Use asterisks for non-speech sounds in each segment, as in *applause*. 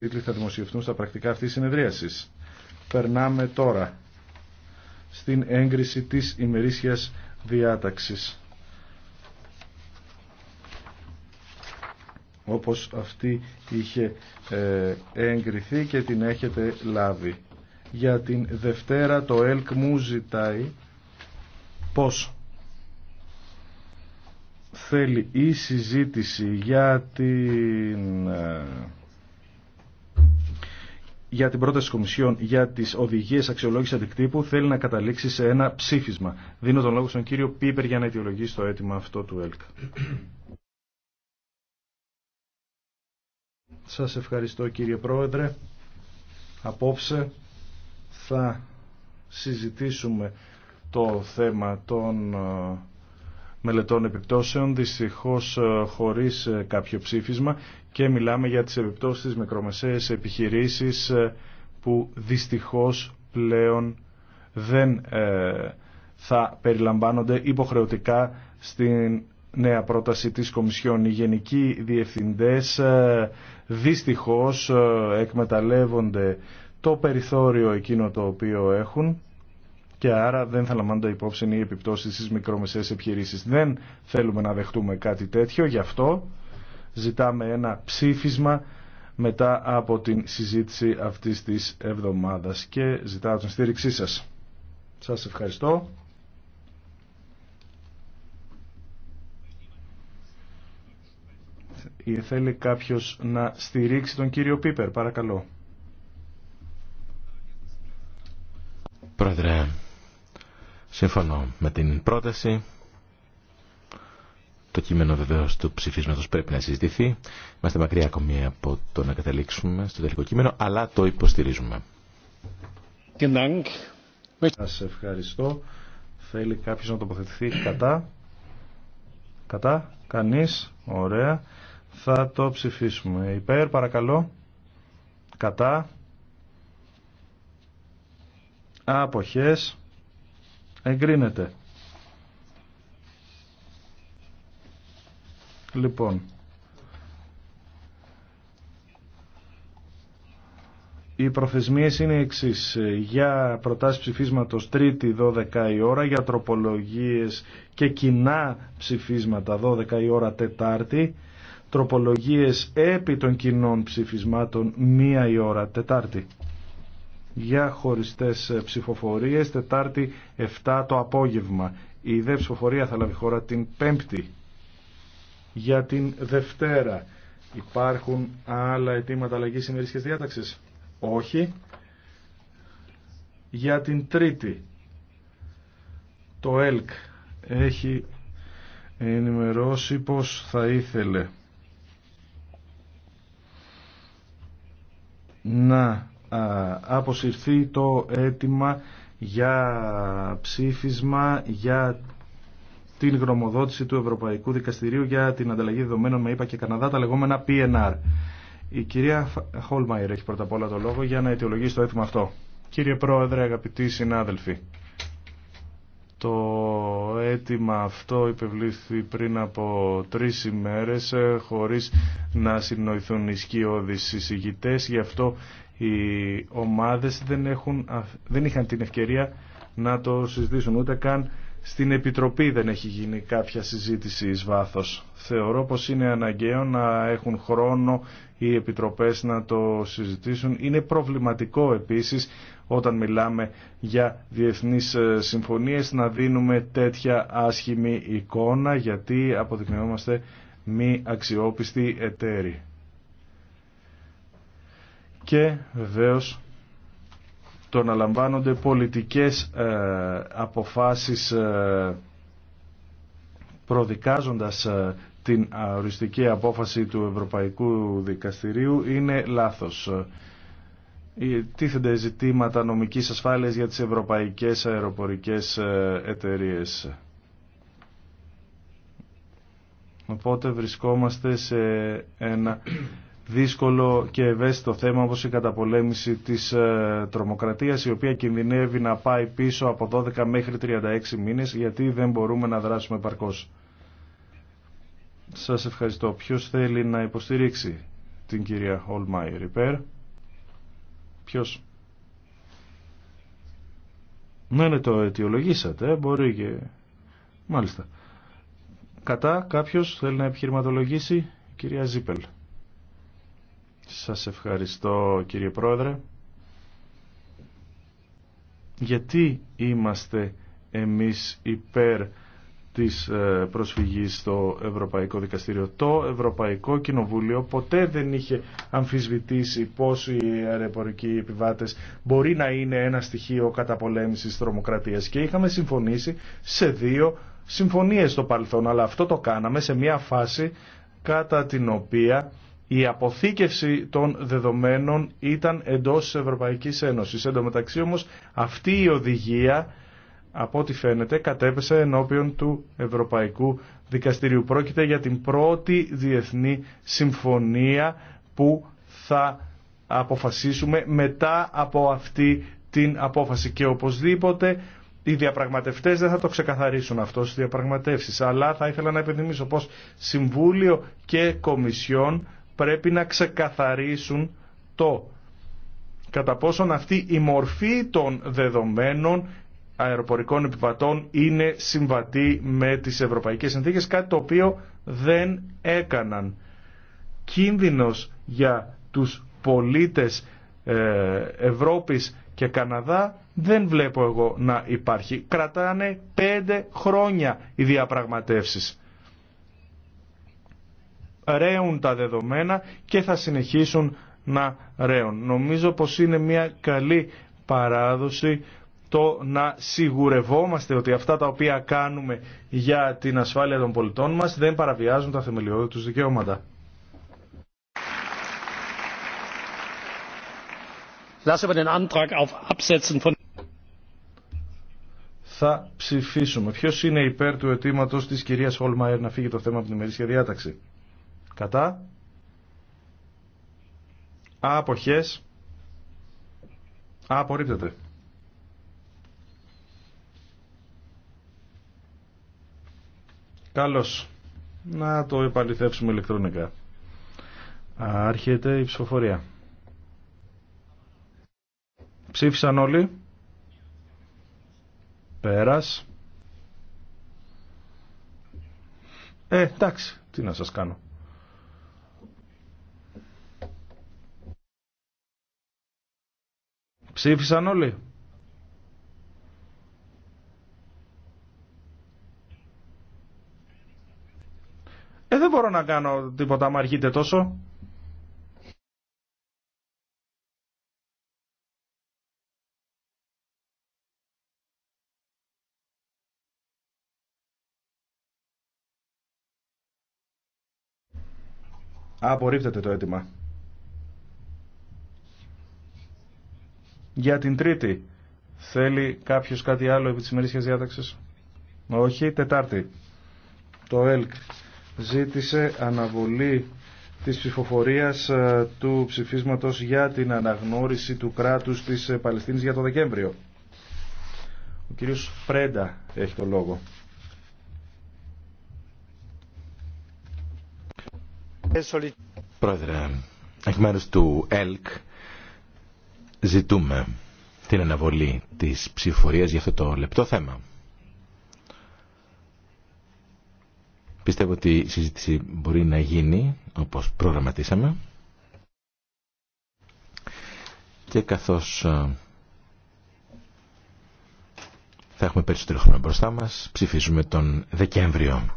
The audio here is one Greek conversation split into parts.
τίτλοι θα δημοσιευτούν στα πρακτικά αυτής της συνεδρίασης. Περνάμε τώρα στην έγκριση της ημερήσιας διάταξης. Όπως αυτή είχε εγκριθεί και την έχετε λάβει. Για την Δευτέρα το ΕΛΚ μου ζητάει πώς θέλει η συζήτηση για την ε, για την πρόταση της Κομισιόν για τις οδηγίες αξιολόγηση αντικτύπου θέλει να καταλήξει σε ένα ψήφισμα. Δίνω τον λόγο στον κύριο Πίπερ για να αιτιολογήσει το αίτημα αυτό του ΕΛΚ. Σας ευχαριστώ κύριε Πρόεδρε. Απόψε θα συζητήσουμε το θέμα των ε, μελετών επιπτώσεων, δυστυχώς ε, χωρίς ε, κάποιο ψήφισμα και μιλάμε για τις επιπτώσεις στις μικρομεσαίες επιχειρήσεις ε, που δυστυχώς πλέον δεν ε, θα περιλαμβάνονται υποχρεωτικά στην νέα πρόταση της Κομισιόν. Οι γενικοί διευθυντές ε, δυστυχώς εκμεταλλεύονται το περιθώριο εκείνο το οποίο έχουν και άρα δεν θα λαμβάνονται υπόψη οι επιπτώσεις στις μικρομεσαίες επιχειρήσεις. Δεν θέλουμε να δεχτούμε κάτι τέτοιο, γι' αυτό ζητάμε ένα ψήφισμα μετά από την συζήτηση αυτής της εβδομάδας και ζητάω την στήριξή σας. Σας ευχαριστώ. Θέλει κάποιος να στηρίξει τον κύριο Πίπερ, παρακαλώ. Πρόεδρε, σύμφωνο με την πρόταση το κείμενο βεβαίω του ψηφίσματο πρέπει να συζητηθεί. Είμαστε μακριά ακόμη από το να καταλήξουμε στο τελικό κείμενο, αλλά το υποστηρίζουμε. Σα ευχαριστώ. Θέλει κάποιο να τοποθετηθεί κατά. Κατά. Κανεί. Ωραία. Θα το ψηφίσουμε. Υπέρ, παρακαλώ. Κατά. Αποχές. Εγκρίνεται. Λοιπόν, οι προθεσμίες είναι εξής. Για προτάσεις ψηφίσματος 3η 12 η ώρα, για τροπολογίες και κοινά ψηφίσματα 12 η ώρα Τετάρτη, τροπολογίες επί των κοινών ψηφισμάτων 1 η ώρα Τετάρτη. Για χωριστές ψηφοφορίες Τετάρτη 7 το απόγευμα. Η δε ψηφοφορία θα λάβει χώρα την 5η για την Δευτέρα. Υπάρχουν άλλα αιτήματα αλλαγής και διάταξης. Όχι. Για την Τρίτη. Το ΕΛΚ έχει ενημερώσει πως θα ήθελε να αποσυρθεί το αίτημα για ψήφισμα για την γνωμοδότηση του Ευρωπαϊκού Δικαστηρίου για την ανταλλαγή δεδομένων με ΗΠΑ και Καναδά, τα λεγόμενα PNR. Η κυρία Χόλμαϊρ έχει πρώτα απ' όλα το λόγο για να αιτιολογήσει το αίτημα αυτό. Κύριε Πρόεδρε, αγαπητοί συνάδελφοι, το αίτημα αυτό υπευλήθη πριν από τρει ημέρε ε, χωρίς να συνοηθούν οι συζητητές. Γι' αυτό οι ομάδε δεν, δεν είχαν την ευκαιρία να το συζητήσουν ούτε καν στην Επιτροπή δεν έχει γίνει κάποια συζήτηση εις βάθος. Θεωρώ πως είναι αναγκαίο να έχουν χρόνο οι Επιτροπές να το συζητήσουν. Είναι προβληματικό επίσης όταν μιλάμε για διεθνείς ε, συμφωνίες να δίνουμε τέτοια άσχημη εικόνα γιατί αποδεικνυόμαστε μη αξιόπιστοι εταίροι. Και βεβαίως το να λαμβάνονται πολιτικές ε, αποφάσεις ε, προδικάζοντας ε, την οριστική απόφαση του Ευρωπαϊκού Δικαστηρίου είναι λάθος. Τίθενται ζητήματα νομικής ασφάλειας για τις ευρωπαϊκές αεροπορικές εταιρείες. Οπότε βρισκόμαστε σε ένα δύσκολο και ευαίσθητο θέμα όπως η καταπολέμηση της ε, τρομοκρατίας η οποία κινδυνεύει να πάει πίσω από 12 μέχρι 36 μήνες γιατί δεν μπορούμε να δράσουμε παρκώς. Σας ευχαριστώ. Ποιος θέλει να υποστηρίξει την κυρία Ολμάιρ υπέρ. Ποιος. Ναι, ναι, το αιτιολογήσατε, ε, μπορεί και... Μάλιστα. Κατά, κάποιος θέλει να επιχειρηματολογήσει, κυρία Ζίπελ. Σας ευχαριστώ κύριε Πρόεδρε. Γιατί είμαστε εμείς υπέρ της ε, προσφυγής στο Ευρωπαϊκό Δικαστήριο. Το Ευρωπαϊκό Κοινοβούλιο ποτέ δεν είχε αμφισβητήσει πώς οι αεροπορικοί επιβάτες μπορεί να είναι ένα στοιχείο καταπολέμησης τρομοκρατίας και είχαμε συμφωνήσει σε δύο συμφωνίες στο παρελθόν, αλλά αυτό το κάναμε σε μια φάση κατά την οποία η αποθήκευση των δεδομένων ήταν εντός της Ευρωπαϊκής Ένωσης. Εν τω μεταξύ όμως αυτή η οδηγία από ό,τι φαίνεται κατέπεσε ενώπιον του Ευρωπαϊκού Δικαστηρίου. Πρόκειται για την πρώτη διεθνή συμφωνία που θα αποφασίσουμε μετά από αυτή την απόφαση και οπωσδήποτε οι διαπραγματευτέ δεν θα το ξεκαθαρίσουν αυτό στι διαπραγματεύσει. Αλλά θα ήθελα να επενδυμίσω πω Συμβούλιο και Κομισιόν πρέπει να ξεκαθαρίσουν το κατά πόσον αυτή η μορφή των δεδομένων αεροπορικών επιβατών είναι συμβατή με τις ευρωπαϊκές συνθήκες, κάτι το οποίο δεν έκαναν. Κίνδυνος για τους πολίτες ε, Ευρώπης και Καναδά δεν βλέπω εγώ να υπάρχει. Κρατάνε πέντε χρόνια οι διαπραγματεύσεις ρέουν τα δεδομένα και θα συνεχίσουν να ρέουν. Νομίζω πως είναι μια καλή παράδοση το να σιγουρευόμαστε ότι αυτά τα οποία κάνουμε για την ασφάλεια των πολιτών μας δεν παραβιάζουν τα θεμελιώδη τους δικαιώματα. Θα ψηφίσουμε. Ποιος είναι υπέρ του αιτήματος της κυρίας Χολμαέρ να φύγει το θέμα από την ημερήσια διάταξη κατά αποχές απορρίπτεται. Καλώς. Να το επαληθεύσουμε ηλεκτρονικά. Άρχεται η ψηφοφορία. Ψήφισαν όλοι. Πέρας. Ε, εντάξει, τι να σας κάνω. Ψήφισαν όλοι. Ε, δεν μπορώ να κάνω τίποτα μα αργείτε τόσο. Απορρίπτεται το αίτημα. για την Τρίτη. Θέλει κάποιο κάτι άλλο επί τη ημερήσια διάταξη. Όχι, Τετάρτη. Το ΕΛΚ ζήτησε αναβολή της ψηφοφορίας ε, του ψηφίσματος για την αναγνώριση του κράτους της ε, Παλαιστίνης για το Δεκέμβριο. Ο κύριος Πρέντα έχει το λόγο. Πρόεδρε, εκ μέρους του ΕΛΚ ζητούμε την αναβολή της ψηφορίας για αυτό το λεπτό θέμα. Πιστεύω ότι η συζήτηση μπορεί να γίνει όπως προγραμματίσαμε και καθώς ε, θα έχουμε περισσότερο χρόνο μπροστά μας, ψηφίζουμε τον Δεκέμβριο.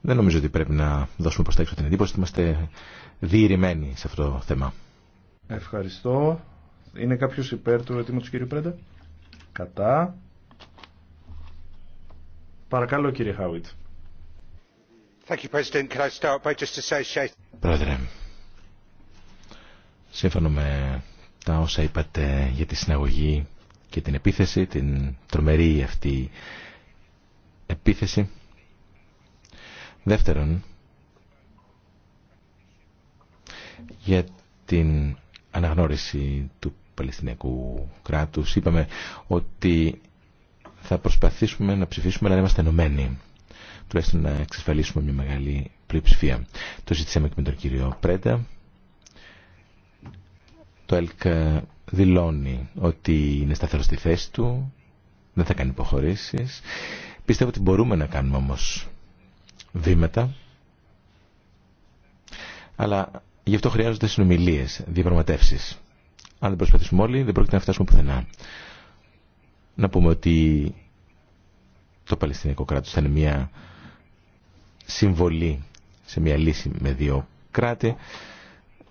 Δεν νομίζω ότι πρέπει να δώσουμε προς τα έξω την εντύπωση ότι είμαστε διηρημένοι σε αυτό το θέμα. Ευχαριστώ. Είναι κάποιο υπέρ του του κύριου Πρέντα. Κατά. Παρακαλώ κύριε Χάουιτ. Πρόεδρε, σύμφωνα με τα όσα είπατε για τη συναγωγή και την επίθεση, την τρομερή αυτή επίθεση. Δεύτερον, για την αναγνώριση του Παλαιστινιακού κράτους. Είπαμε ότι θα προσπαθήσουμε να ψηφίσουμε αλλά να είμαστε ενωμένοι. Τουλάχιστον να εξασφαλίσουμε μια μεγάλη πλειοψηφία. Το ζήτησαμε και με τον κύριο Πρέντα. Το ΕΛΚ δηλώνει ότι είναι σταθερό στη θέση του, δεν θα κάνει υποχωρήσει. Πιστεύω ότι μπορούμε να κάνουμε όμως βήματα, αλλά Γι' αυτό χρειάζονται συνομιλίε, διαπραγματεύσει. Αν δεν προσπαθήσουμε όλοι, δεν πρόκειται να φτάσουμε πουθενά. Να πούμε ότι το Παλαιστινιακό κράτο είναι μια συμβολή σε μια λύση με δύο κράτη.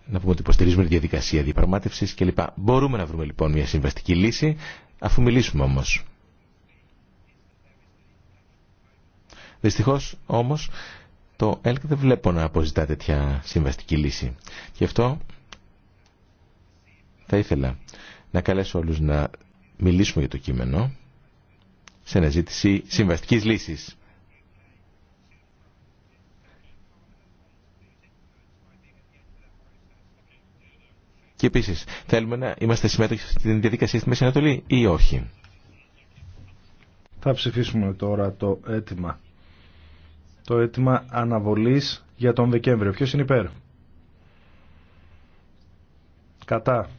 Να πούμε ότι υποστηρίζουμε τη διαδικασία διαπραγμάτευση κλπ. Μπορούμε να βρούμε λοιπόν μια συμβαστική λύση, αφού μιλήσουμε όμω. Δυστυχώ όμω το ΕΛΚ δεν βλέπω να αποζητά τέτοια συμβαστική λύση. Γι' αυτό θα ήθελα να καλέσω όλους να μιλήσουμε για το κείμενο σε αναζήτηση συμβαστικής λύσης. Και επίση θέλουμε να είμαστε συμμέτοχοι στην διαδικασία στη Μέση Ανατολή ή όχι. Θα ψηφίσουμε τώρα το αίτημα το αίτημα αναβολής για τον Δεκέμβριο. Ποιος είναι υπέρ. Κατά.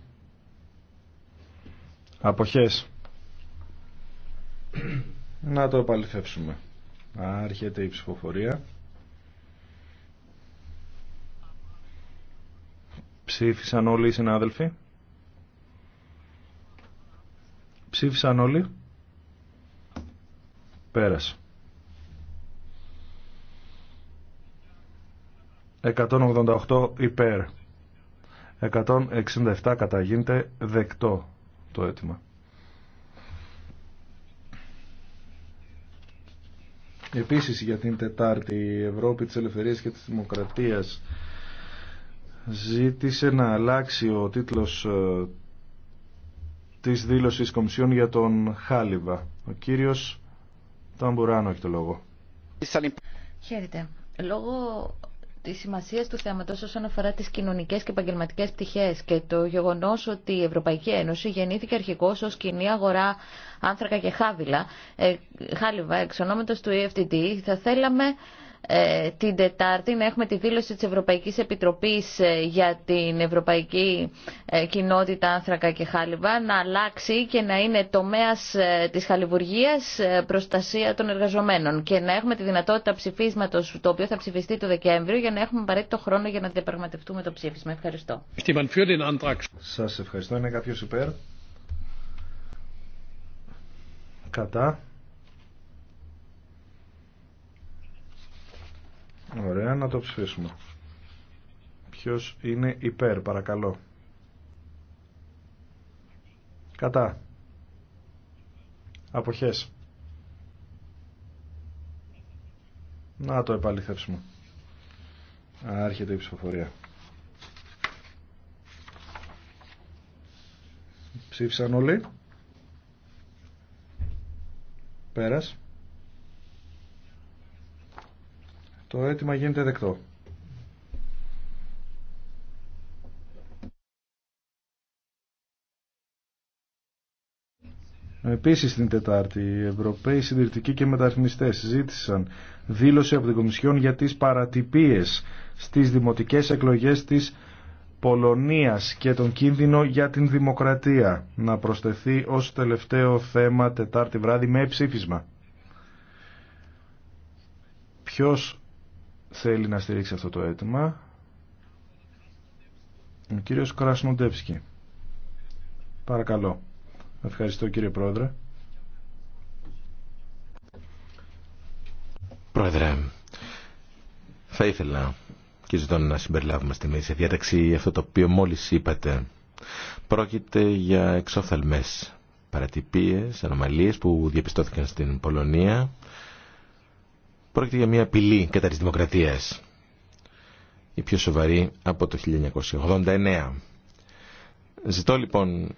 Αποχές. Να το επαληθεύσουμε. Άρχεται η ψηφοφορία. Ψήφισαν όλοι οι συνάδελφοι. Ψήφισαν όλοι. Πέρασε. 188 υπέρ. 167 καταγίνεται δεκτό το αίτημα. Επίσης για την Τετάρτη η Ευρώπη της Ελευθερίας και της Δημοκρατίας ζήτησε να αλλάξει ο τίτλος ε, της δήλωσης Κομισιόν για τον Χάλιβα. Ο κύριος Ταμπουράνο έχει το λόγο. Χαίρετε. Λόγω τη σημασία του θέματο όσον αφορά τι κοινωνικέ και επαγγελματικέ πτυχέ και το γεγονό ότι η Ευρωπαϊκή Ένωση γεννήθηκε αρχικώ ω κοινή αγορά άνθρακα και χάβυλα ε, χάλιβα εξ του EFTD, ε θα θέλαμε ε, την Τετάρτη να έχουμε τη δήλωση της Ευρωπαϊκής Επιτροπής ε, για την Ευρωπαϊκή ε, Κοινότητα Άνθρακα και Χάλιβα να αλλάξει και να είναι τομέας της χαλιβουργίας προστασία των εργαζομένων και να έχουμε τη δυνατότητα ψηφίσματος το οποίο θα ψηφιστεί το Δεκέμβριο για να έχουμε απαραίτητο χρόνο για να διαπραγματευτούμε το ψήφισμα. Ευχαριστώ. Σας ευχαριστώ. Είναι κάποιος υπέρ. Κατά. Ωραία, να το ψηφίσουμε. Ποιο είναι υπέρ, παρακαλώ. Κατά. Αποχές. Να το επαληθεύσουμε. Άρχεται η ψηφοφορία. Ψήφισαν όλοι. Πέρας. Το αίτημα γίνεται δεκτό. Επίσης την Τετάρτη, οι Ευρωπαίοι συντηρητικοί και μεταρρυθμιστές συζήτησαν δήλωση από την Κομισιόν για τις παρατυπίες στις δημοτικές εκλογές της Πολωνίας και τον κίνδυνο για την δημοκρατία να προσθεθεί ως τελευταίο θέμα Τετάρτη βράδυ με ψήφισμα. Ποιος θέλει να στηρίξει αυτό το αίτημα. Ο κύριος Κρασνοντεύσκη. Παρακαλώ. Ευχαριστώ κύριε Πρόεδρε. Πρόεδρε, θα ήθελα και ζητώ να συμπεριλάβουμε στη μέση διάταξη αυτό το οποίο μόλις είπατε. Πρόκειται για εξόφθαλμες παρατυπίες, ανομαλίες που διαπιστώθηκαν στην Πολωνία πρόκειται για μια απειλή κατά της δημοκρατίας. Η πιο σοβαρή από το 1989. Ζητώ λοιπόν,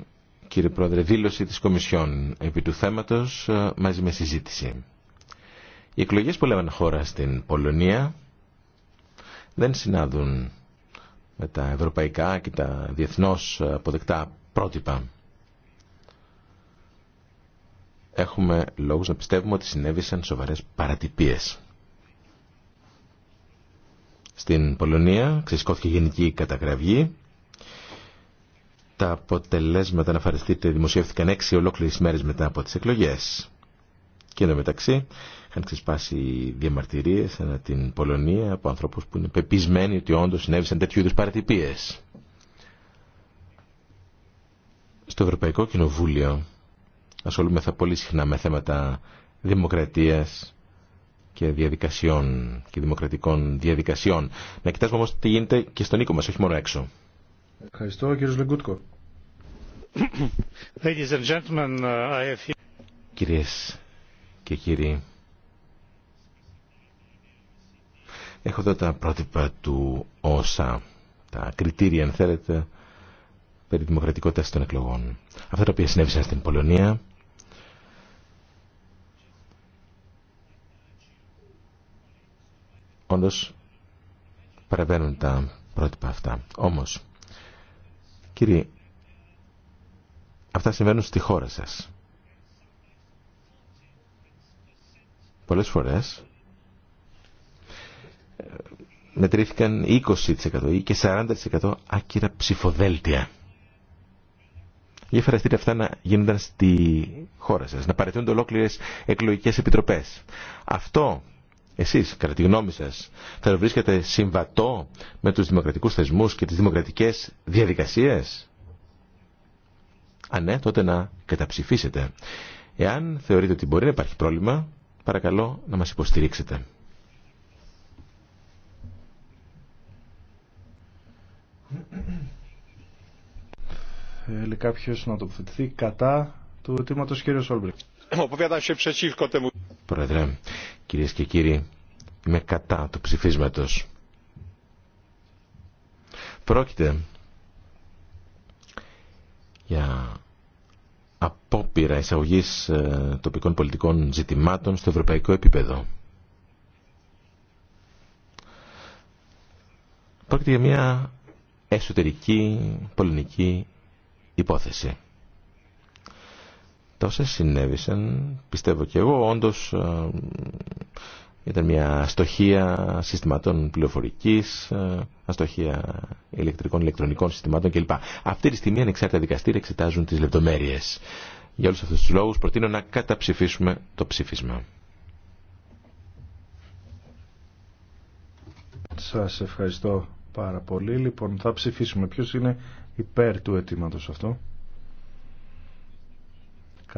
κύριε Πρόεδρε, δήλωση της Κομισιόν επί του θέματος ε, μαζί με συζήτηση. Οι εκλογές που λέμε χώρα στην Πολωνία δεν συνάδουν με τα ευρωπαϊκά και τα διεθνώς αποδεκτά πρότυπα. Έχουμε λόγους να πιστεύουμε ότι συνέβησαν σοβαρές παρατυπίες. Στην Πολωνία ξεσκόθηκε γενική καταγραφή. Τα αποτελέσματα, να φαρεστείτε δημοσιεύτηκαν έξι ολόκληρε μέρες μετά από τις εκλογές. Και εν μεταξύ είχαν ξεσπάσει διαμαρτυρίε ανά την Πολωνία από ανθρώπους που είναι πεπισμένοι ότι όντω συνέβησαν τέτοιου είδου παρατυπίε. Στο Ευρωπαϊκό Κοινοβούλιο ασχολούμεθα πολύ συχνά με θέματα δημοκρατίας, και διαδικασιών και δημοκρατικών διαδικασιών. Να κοιτάζουμε όμως τι γίνεται και στον οίκο μας, όχι μόνο έξω. Ευχαριστώ κύριος Λεγκούτκο. *coughs* Uh, Κυρίες και κύριοι, έχω εδώ τα πρότυπα του ΩΣΑ, τα κριτήρια αν θέλετε, περί δημοκρατικότητας των εκλογών. Αυτά τα οποία συνέβησαν στην Πολωνία όντως παρεμβαίνουν τα πρότυπα αυτά. Όμως, κύριοι, αυτά συμβαίνουν στη χώρα σας. Πολλές φορές μετρήθηκαν 20% ή και 40% άκυρα ψηφοδέλτια. Για φαραστήρια αυτά να γίνονταν στη χώρα σας, να παρετούνται ολόκληρες εκλογικές επιτροπές. Αυτό εσείς, κατά τη γνώμη σας, θα το βρίσκετε συμβατό με τους δημοκρατικούς θεσμούς και τις δημοκρατικές διαδικασίες. Αν ναι, τότε να καταψηφίσετε. Εάν θεωρείτε ότι μπορεί να υπάρχει πρόβλημα, παρακαλώ να μας υποστηρίξετε. Θέλει κάποιος να τοποθετηθεί κατά του αιτήματος κ. Σόλμπρικ. Πρόεδρε, Κυρίες και κύριοι, είμαι κατά του ψηφίσματος. Πρόκειται για απόπειρα εισαγωγής ε, τοπικών πολιτικών ζητημάτων στο ευρωπαϊκό επίπεδο. Πρόκειται για μια εσωτερική πολιτική υπόθεση. Τόσα συνέβησαν, πιστεύω και εγώ, όντως ε, ήταν μια αστοχία συστηματών πληροφορικής, ε, αστοχία ηλεκτρικών, ηλεκτρονικών συστημάτων κλπ. Αυτή τη στιγμή ανεξάρτητα δικαστήρια εξετάζουν τις λεπτομέρειες. Για όλους αυτούς τους λόγους προτείνω να καταψηφίσουμε το ψήφισμα. Σας ευχαριστώ πάρα πολύ. Λοιπόν, θα ψηφίσουμε ποιο είναι υπέρ του αιτήματος αυτό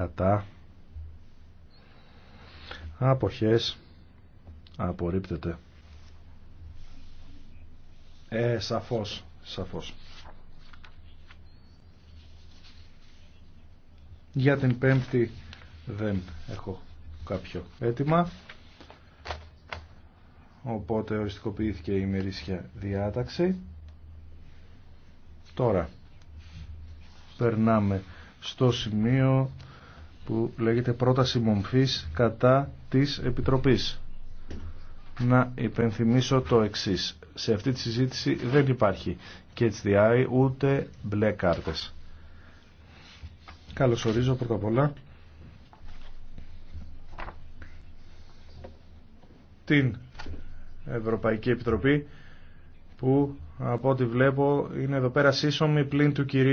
κατά αποχές απορρίπτεται ε, σαφώς, για την πέμπτη δεν έχω κάποιο αίτημα οπότε οριστικοποιήθηκε η ημερήσια διάταξη τώρα περνάμε στο σημείο που λέγεται πρόταση μομφής κατά της Επιτροπής. Να υπενθυμίσω το εξής. Σε αυτή τη συζήτηση δεν υπάρχει και HDI ούτε μπλε κάρτες. Καλωσορίζω πρώτα απ' όλα την Ευρωπαϊκή Επιτροπή που από ό,τι βλέπω είναι εδώ πέρα σύσσωμη πλην του κυρίου